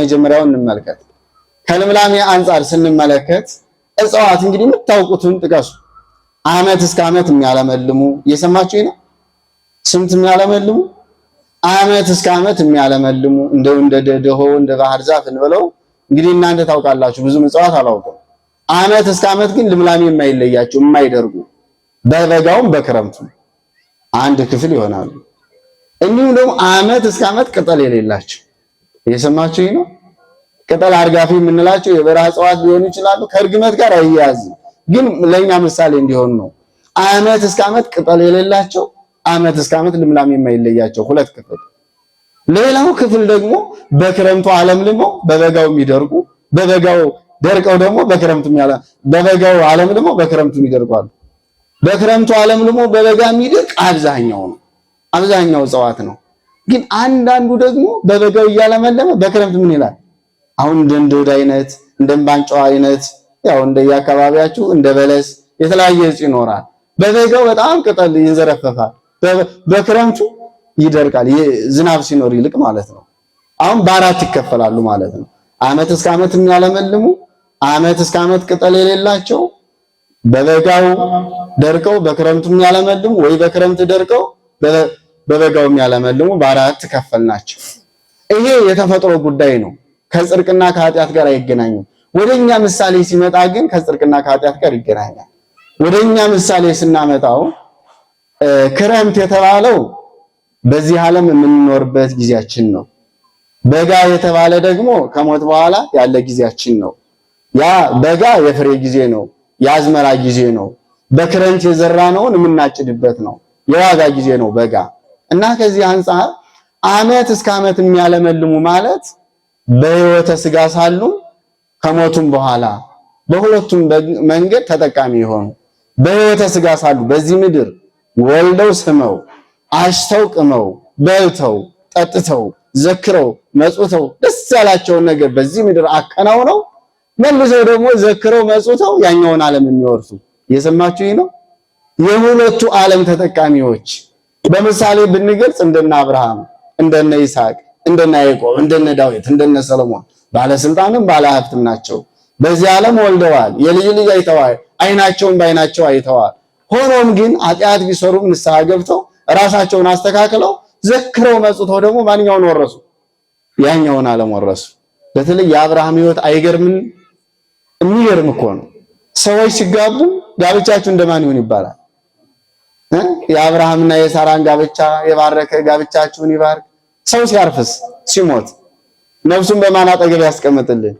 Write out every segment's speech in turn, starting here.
መጀመሪያውን እንመልከት። ከልምላሜ አንጻር ስንመለከት እጽዋት እንግዲህ የምታውቁትን ጥቀሱ። አመት እስከ አመት የሚያለመልሙ እየሰማችሁ ነው። ስንት የሚያለመልሙ አመት እስከ አመት የሚያለመልሙ እንደው እንደ ደሆ እንደ ባህር ዛፍ እንበለው እንግዲህ እናንተ ታውቃላችሁ። ብዙም እጽዋት አላውቅም። አመት እስከ አመት ግን ልምላሜ የማይለያቸው የማይደርጉ በበጋውም በክረምቱ አንድ ክፍል ይሆናሉ። እንዲሁም ደግሞ አመት እስከ አመት ቅጠል የሌላቸው እየሰማችሁ ነው። ቅጠል አርጋፊ የምንላቸው የበረሃ እጽዋት ሊሆኑ ይችላሉ። ከእርግመት ጋር አይያያዝም፣ ግን ለእኛ ምሳሌ እንዲሆን ነው። አመት እስከ አመት ቅጠል የሌላቸው አመት እስከ አመት ልምላም የማይለያቸው ሁለት ክፍል። ሌላው ክፍል ደግሞ በክረምቱ አለምልመው በበጋው የሚደርቁ በበጋው ደርቀው ደግሞ በክረምቱ የሚያለ በበጋው አለምልመው በክረምቱ ይደርቋሉ። በክረምቱ ልሞ በበጋ የሚደርቅ አብዛኛው ነው፣ አብዛኛው እጽዋት ነው። ግን አንዳንዱ ደግሞ በበጋው እያለመለመ በክረምት ምን ይላል? አሁን እንደ እንዶድ አይነት እንደ እምባንጫው አይነት ያው እንደየአካባቢያችሁ እንደ በለስ የተለያየ እጽ ይኖራል። በበጋው በጣም ቅጠል ይንዘረፈፋል፣ በክረምቱ ይደርቃል። ዝናብ ሲኖር ይልቅ ማለት ነው። አሁን በአራት ይከፈላሉ ማለት ነው። አመት እስከ አመት የሚያለመልሙ፣ አመት እስከ አመት ቅጠል የሌላቸው በበጋው ደርቀው በክረምቱ የሚያለመልሙ ወይ በክረምት ደርቀው በበጋው የሚያለመልሙ በአራት ከፈል ናቸው። ይሄ የተፈጥሮ ጉዳይ ነው። ከጽድቅና ከኃጢአት ጋር አይገናኙም። ወደኛ ምሳሌ ሲመጣ ግን ከጽድቅና ከኃጢአት ጋር ይገናኛል። ወደኛ ምሳሌ ስናመጣው ክረምት የተባለው በዚህ ዓለም የምንኖርበት ጊዜያችን ነው። በጋ የተባለ ደግሞ ከሞት በኋላ ያለ ጊዜያችን ነው። ያ በጋ የፍሬ ጊዜ ነው፣ የአዝመራ ጊዜ ነው። በክረምት የዘራነውን የምናጭድበት ነው። የዋጋ ጊዜ ነው በጋ እና ከዚህ አንጻር ዓመት እስከ ዓመት የሚያለመልሙ ማለት በሕይወተ ስጋ ሳሉ ከሞቱም በኋላ በሁለቱም መንገድ ተጠቃሚ የሆኑ በሕይወተ ስጋ ሳሉ በዚህ ምድር ወልደው ስመው አሽተው ቅመው በልተው ጠጥተው ዘክረው መጽውተው ደስ ያላቸውን ነገር በዚህ ምድር አከናውነው መልሰው ደግሞ ዘክረው መጽውተው ያኛውን ዓለም የሚወርሱ እየሰማችሁ ነው። የሁለቱ ዓለም ተጠቃሚዎች በምሳሌ ብንገልጽ እንደነ አብርሃም፣ እንደነ ይስሐቅ፣ እንደነ ያዕቆብ፣ እንደነ ዳዊት፣ እንደነ ሰለሞን ባለስልጣንም ባለሀብትም ናቸው። በዚህ ዓለም ወልደዋል፣ የልጅ ልጅ አይተዋል፣ አይናቸውን በአይናቸው አይተዋል። ሆኖም ግን ኃጢአት ቢሰሩም ንስሐ ገብተው ራሳቸውን አስተካክለው ዘክረው መጽተው ደግሞ ማንኛውን ወረሱ? ያኛውን ዓለም ወረሱ። በተለይ የአብርሃም ህይወት አይገርምን? የሚገርም እኮ ነው። ሰዎች ሲጋቡ ጋብቻችሁ እንደማን ይሁን ይባላል የአብርሃምና የሳራን ጋብቻ የባረከ ጋብቻችሁን ይባርክ። ሰው ሲያርፍስ ሲሞት ነፍሱን በማን አጠገብ ያስቀምጥልን?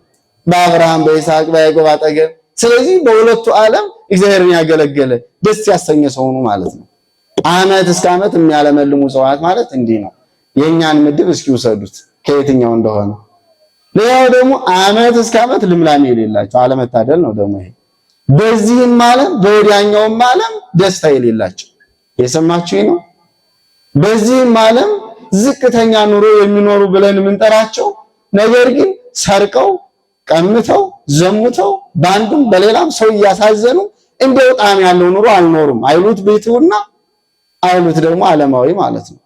በአብርሃም በይስሐቅ በያዕቆብ አጠገብ። ስለዚህ በሁለቱ ዓለም እግዚአብሔርን ያገለገለ ደስ ያሰኘ ሰው ነው ማለት ነው። ዓመት እስከ ዓመት የሚያለመልሙ ሰዋት ማለት እንዲህ ነው። የእኛን ምድብ እስኪ ውሰዱት ከየትኛው እንደሆነ። ሌላው ደግሞ ዓመት እስከ ዓመት ልምላሜ የሌላቸው አለመታደል ነው ደግሞ ይሄ። በዚህም ዓለም በወዲያኛውም ዓለም ደስታ የሌላቸው የሰማችሁኝ ነው። በዚህም ዓለም ዝቅተኛ ኑሮ የሚኖሩ ብለን የምንጠራቸው ነገር ግን ሰርቀው ቀምተው ዘሙተው በአንዱም በሌላም ሰው እያሳዘኑ እንደው ጣዕም ያለው ኑሮ አልኖሩም። አይሉት ቤቱና አይሉት ደግሞ ዓለማዊ ማለት ነው።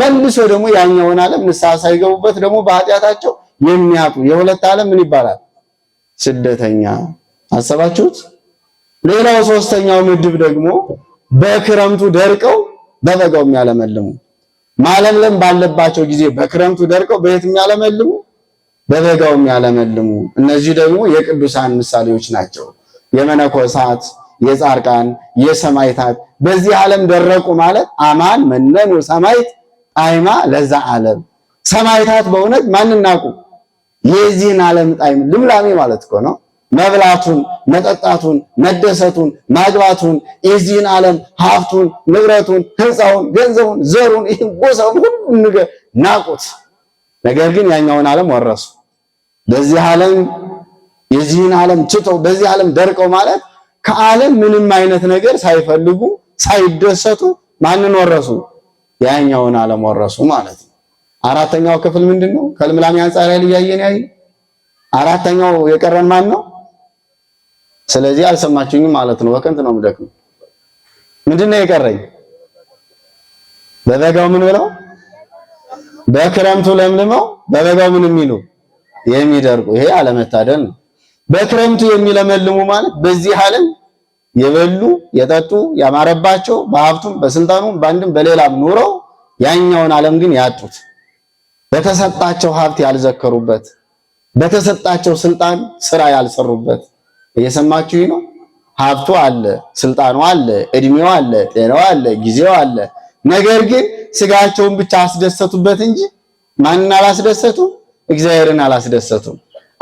መልሶ ደግሞ ያኛውን ዓለም ንስሐ ሳይገቡበት ደግሞ በኃጢአታቸው የሚያጡ የሁለት ዓለም ምን ይባላል? ስደተኛ አሰባችሁት። ሌላው ሶስተኛው ምድብ ደግሞ በክረምቱ ደርቀው በበጋው የሚያለመልሙ ማለምለም ባለባቸው ጊዜ በክረምቱ ደርቀው በየት የሚያለመልሙ በበጋው የሚያለመልሙ እነዚህ ደግሞ የቅዱሳን ምሳሌዎች ናቸው። የመነኮሳት፣ የጻርቃን፣ የሰማይታት በዚህ ዓለም ደረቁ ማለት አማን መነኑ ሰማይት ጣይማ ለዛ ዓለም ሰማይታት በእውነት ማንናቁ የዚህን ዓለም ጣይም ልምላሜ ማለት እኮ ነው። መብላቱን፣ መጠጣቱን፣ መደሰቱን፣ ማግባቱን፣ የዚህን ዓለም ሀብቱን፣ ንብረቱን፣ ህንፃውን ገንዘቡን፣ ዘሩን፣ ይህን ጎሳውን ሁሉ ነገር ናቁት። ነገር ግን ያኛውን ዓለም ወረሱ። በዚህ ዓለም የዚህን ዓለም ትተው በዚህ ዓለም ደርቀው ማለት ከዓለም ምንም አይነት ነገር ሳይፈልጉ ሳይደሰቱ ማንን ወረሱ? ያኛውን ዓለም ወረሱ ማለት ነው። አራተኛው ክፍል ምንድን ነው? ከልምላሜ አንጻር ያያየን ያይ አራተኛው የቀረን ማን ነው? ስለዚህ አልሰማችሁኝም ማለት ነው። በከንት ነው የምደክመው። ምንድን ነው የቀረኝ? በበጋው ምን ብለው በክረምቱ ለምልመው በበጋው ምን የሚሉ የሚደርቁ። ይሄ አለመታደል ነው። በክረምቱ የሚለመልሙ ማለት በዚህ ዓለም የበሉ የጠጡ ያማረባቸው በሀብቱም በስልጣኑም በአንድም በሌላም ኑረው ያኛውን ዓለም ግን ያጡት በተሰጣቸው ሀብት ያልዘከሩበት፣ በተሰጣቸው ስልጣን ስራ ያልሰሩበት እየሰማችሁ ነው። ሀብቱ አለ፣ ስልጣኑ አለ፣ እድሜው አለ፣ ጤናው አለ፣ ጊዜው አለ። ነገር ግን ስጋቸውን ብቻ አስደሰቱበት እንጂ ማንን አላስደሰቱም? እግዚአብሔርን አላስደሰቱም።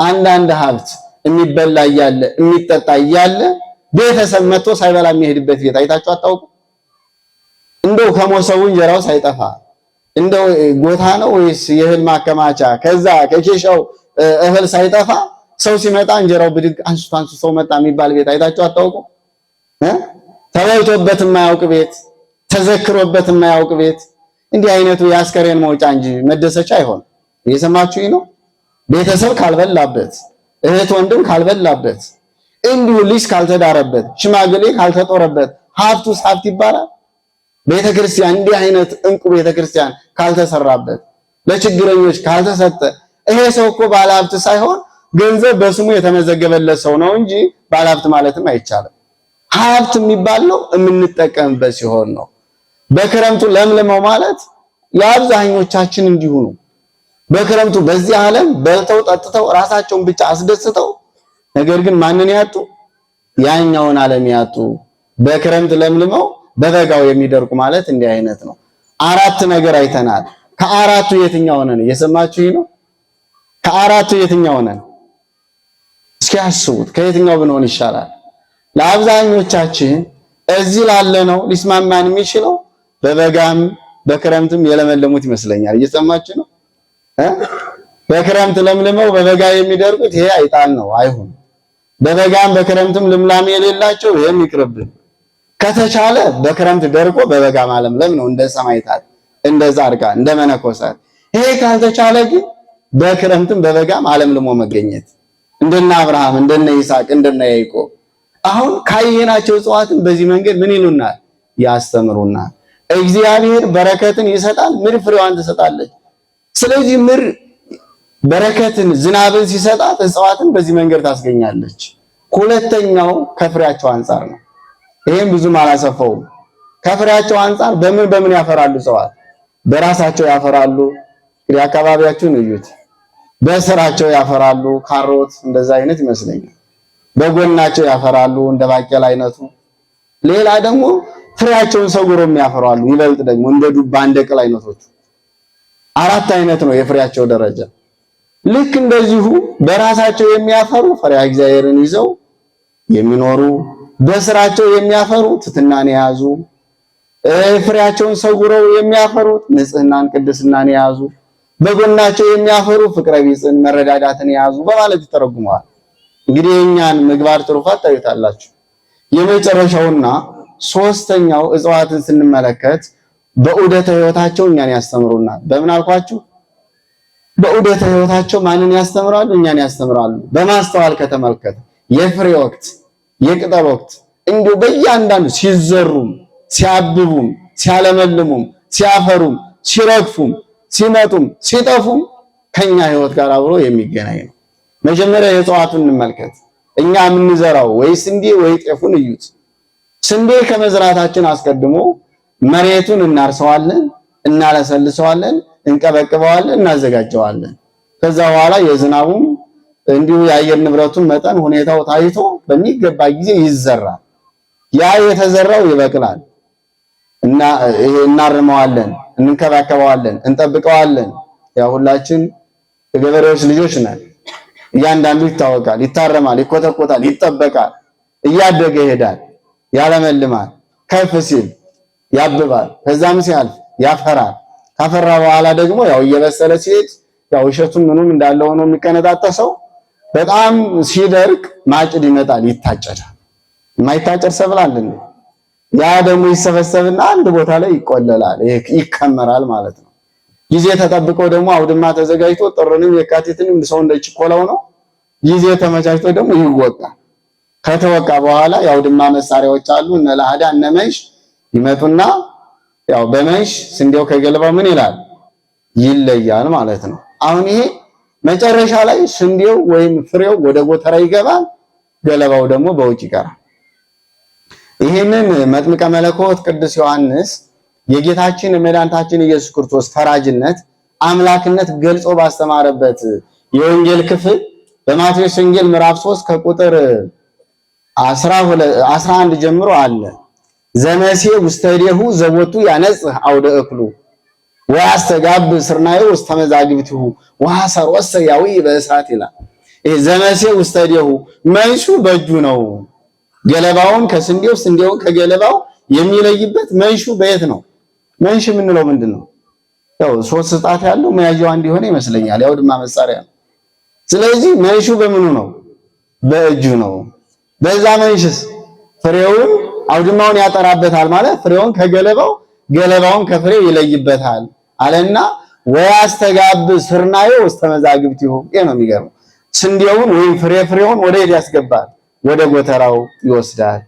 አንዳንድ ሀብት የሚበላ እያለ የሚጠጣ እያለ ቤተሰብ መጥቶ ሳይበላ የሚሄድበት ቤት አይታችሁ አታውቁ? እንደው ከሞሰቡ እንጀራው ሳይጠፋ እንደው ጎታ ነው ወይስ የእህል ማከማቻ ከዛ ከኬሻው እህል ሳይጠፋ ሰው ሲመጣ እንጀራው ብድግ አንስቶ አንስቶ ሰው መጣ የሚባል ቤት አይታችሁ አታውቁ? ተበልቶበት የማያውቅ ቤት፣ ተዘክሮበት የማያውቅ ቤት። እንዲህ አይነቱ የአስከሬን መውጫ እንጂ መደሰቻ አይሆን። እየሰማችሁኝ ነው? ቤተሰብ ካልበላበት፣ እህት ወንድም ካልበላበት፣ እንዲሁ ልጅ ካልተዳረበት፣ ሽማግሌ ካልተጦረበት፣ ሀብቱስ ሀብት ይባላል? ቤተክርስቲያን እንዲህ አይነት እንቁ ቤተክርስቲያን ካልተሰራበት፣ ለችግረኞች ካልተሰጠ፣ ይሄ ሰው እኮ ባለ ሀብት ሳይሆን ገንዘብ በስሙ የተመዘገበለት ሰው ነው እንጂ ባለሀብት ማለትም አይቻልም። ሀብት የሚባል ነው የምንጠቀምበት ሲሆን ነው። በክረምቱ ለምልመው ማለት የአብዛኞቻችን እንዲሁ ነው። በክረምቱ በዚህ ዓለም በልተው ጠጥተው ራሳቸውን ብቻ አስደስተው ነገር ግን ማንን ያጡ? ያኛውን ዓለም ያጡ። በክረምት ለምልመው በበጋው የሚደርቁ ማለት እንዲህ አይነት ነው። አራት ነገር አይተናል። ከአራቱ የትኛው ነን? እየሰማችሁ ነው። ከአራቱ የትኛው ነን? እስኪ አስቡት ከየትኛው ብንሆን ይሻላል? ለአብዛኞቻችን እዚህ ነው ሊስማማን የሚችለው በበጋም በክረምትም የለመለሙት ይመስለኛል። እየሰማችሁ ነው። በክረምት ለምልመው በበጋ የሚደርቁት ይሄ አይጣል ነው፣ አይሁን። በበጋም በክረምትም ልምላሜ የሌላቸው ይሄም ይቅርብን። ከተቻለ በክረምት ደርቆ በበጋ ማለምለም ነው፣ እንደ ሰማይታት፣ እንደ ጻድቃን፣ እንደ መነኮሳት። ይሄ ካልተቻለ ግን በክረምትም በበጋም አለምልሞ መገኘት እንደነ አብርሃም እንደነ ይስሐቅ እንደነ ያዕቆብ አሁን ካየናቸው እጽዋትን በዚህ መንገድ ምን ይሉናል? ያስተምሩናል። እግዚአብሔር በረከትን ይሰጣል፣ ምድር ፍሬዋን ትሰጣለች። ስለዚህ ምድር በረከትን ዝናብን ሲሰጣት እጽዋትን በዚህ መንገድ ታስገኛለች። ሁለተኛው ከፍሬያቸው አንጻር ነው። ይህም ብዙም አላሰፋውም። ከፍሬያቸው አንጻር በምን በምን ያፈራሉ? እጽዋት በራሳቸው ያፈራሉ። እንግዲህ አካባቢያችሁን እዩት። በስራቸው ያፈራሉ። ካሮት እንደዛ አይነት ይመስለኛል። በጎናቸው ያፈራሉ እንደ ባቄላ አይነቱ። ሌላ ደግሞ ፍሬያቸውን ሰጉሮም ያፈራሉ። ይበልጥ ደግሞ እንደ ዱባ፣ እንደ ቅል አይነቶቹ አራት አይነት ነው የፍሬያቸው ደረጃ። ልክ እንደዚሁ በራሳቸው የሚያፈሩ ፈሪሃ እግዚአብሔርን ይዘው የሚኖሩ በስራቸው የሚያፈሩ ትትናን የያዙ ፍሬያቸውን ሰጉረው የሚያፈሩት ንጽህናን ቅድስናን የያዙ በጎናቸው የሚያፈሩ ፍቅረ ቢጽን መረዳዳትን የያዙ በማለት ይተረጉመዋል። እንግዲህ የእኛን ምግባር ትሩፋት ታዩታላችሁ። የመጨረሻውና ሶስተኛው እጽዋትን ስንመለከት በዑደተ ህይወታቸው እኛን ያስተምሩናል። በምን አልኳችሁ? በዑደተ ህይወታቸው ማንን ያስተምራሉ? እኛን ያስተምራሉ። በማስተዋል ከተመልከተ የፍሬ ወቅት፣ የቅጠል ወቅት እንዲሁ በእያንዳንዱ ሲዘሩም፣ ሲያብቡም፣ ሲያለመልሙም፣ ሲያፈሩም፣ ሲረግፉም ሲመጡም ሲጠፉም ከኛ ህይወት ጋር አብሮ የሚገናኝ ነው። መጀመሪያ የእጽዋቱን እንመልከት። እኛ የምንዘራው ወይ ስንዴ ወይ ጤፉን እዩት። ስንዴ ከመዝራታችን አስቀድሞ መሬቱን እናርሰዋለን፣ እናለሰልሰዋለን፣ እንቀበቅበዋለን፣ እናዘጋጀዋለን። ከዛ በኋላ የዝናቡም እንዲሁ የአየር ንብረቱን መጠን ሁኔታው ታይቶ በሚገባ ጊዜ ይዘራል። ያ የተዘራው ይበቅላል እና እናርመዋለን እንንከባከበዋለን፣ እንጠብቀዋለን። ያ ሁላችን የገበሬዎች ልጆች ነን። እያንዳንዱ ይታወቃል፣ ይታረማል፣ ይኮተኮታል፣ ይጠበቃል። እያደገ ይሄዳል፣ ያለመልማል፣ ከፍ ሲል ያብባል፣ ከዛም ሲያልፍ ያፈራል። ካፈራ በኋላ ደግሞ ያው እየበሰለ ሲሄድ ያው እሸቱም ምኑም እንዳለ ሆኖ የሚቀነጣጠሰው በጣም ሲደርቅ ማጭድ ይመጣል፣ ይታጨዳል። የማይታጨድ ሰብል አለ ያ ደግሞ ይሰበሰብና አንድ ቦታ ላይ ይቆለላል፣ ይከመራል ማለት ነው። ጊዜ ተጠብቆ ደግሞ አውድማ ተዘጋጅቶ ጥርንም የካቲትንም ሰው እንደ ችኮላው ነው። ጊዜ ተመቻችቶ ደግሞ ይወቃል። ከተወቃ በኋላ የአውድማ መሳሪያዎች አሉ፣ እነ ለሃዳ እነ መንሽ ይመጡና ያው በመንሽ ስንዴው ከገለባው ምን ይላል ይለያል ማለት ነው። አሁን ይሄ መጨረሻ ላይ ስንዴው ወይም ፍሬው ወደ ጎተራ ይገባል፣ ገለባው ደግሞ በውጭ ይቀራል። ይህንን መጥምቀ መለኮት ቅዱስ ዮሐንስ የጌታችን የመድኃኒታችን ኢየሱስ ክርስቶስ ፈራጅነት አምላክነት ገልጾ ባስተማረበት የወንጌል ክፍል በማቴዎስ ወንጌል ምዕራፍ 3 ከቁጥር 11 ጀምሮ አለ። ዘመሴ ውስተዴሁ ዘቦቱ ያነጽህ አውደ እክሉ ወያስተጋብ ስርናዩ ውስተ መዛግብቲሁ ወሐሰሮሰ ያዊ በእሳት ይላል። ዘመሴ ውስተዴሁ መንሹ በእጁ ነው ገለባውን ከስንዴው ስንዴውን ከገለባው የሚለይበት መንሹ በየት ነው? መንሽ የምንለው ምንድን ነው? ያው ሶስት ጣት ያለው መያዣው አንድ የሆነ ይመስለኛል። ያው ድማ መሳሪያ ነው። ስለዚህ መንሹ በምኑ ነው? በእጁ ነው። በዛ መንሽስ ፍሬውን አውድማውን ያጠራበታል ማለት ፍሬውን ከገለባው ገለባውን ከፍሬው ይለይበታል አለና ወያስተጋብ ስርናዩ ውስጥ ይሁን ነው የሚገርመው ስንዴውን ወይም ፍሬ ፍሬውን ወደ ሄድ ያስገባል ወደ ጎተራው ይወስዳል።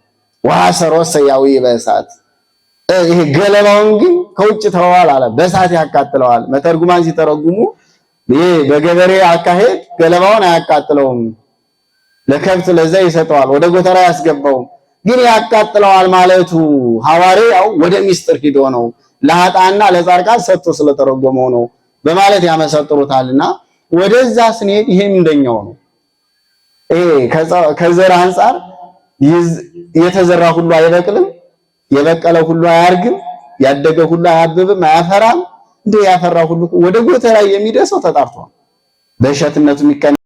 ዋሰሮ ሰሮ ሰያዊ በእሳት ይሄ ገለባውን ግን ከውጭ ተዋል አለ በእሳት ያቃጥለዋል። መተርጉማን ሲተረጉሙ ይሄ በገበሬ አካሄድ ገለባውን አያቃጥለውም፣ ለከብት ለዛ ይሰጠዋል፣ ወደ ጎተራ ያስገባውም። ግን ያቃጥለዋል ማለቱ ሐዋርያው ወደ ሚስጥር ሂዶ ነው ለሀጣና ለጻድቃን ሰጥቶ ስለተረጎመው ነው በማለት ያመሰጥሩታልና ወደዛ ስንሄድ ይሄ እንደኛው ነው። ከዘር አንጻር የተዘራ ሁሉ አይበቅልም፣ የበቀለ ሁሉ አያርግም፣ ያደገ ሁሉ አያብብም፣ አያፈራም። እንደ ያፈራ ሁሉ ወደ ጎተራ የሚደርሰው ተጣርቷል በእሸትነቱ የሚቀ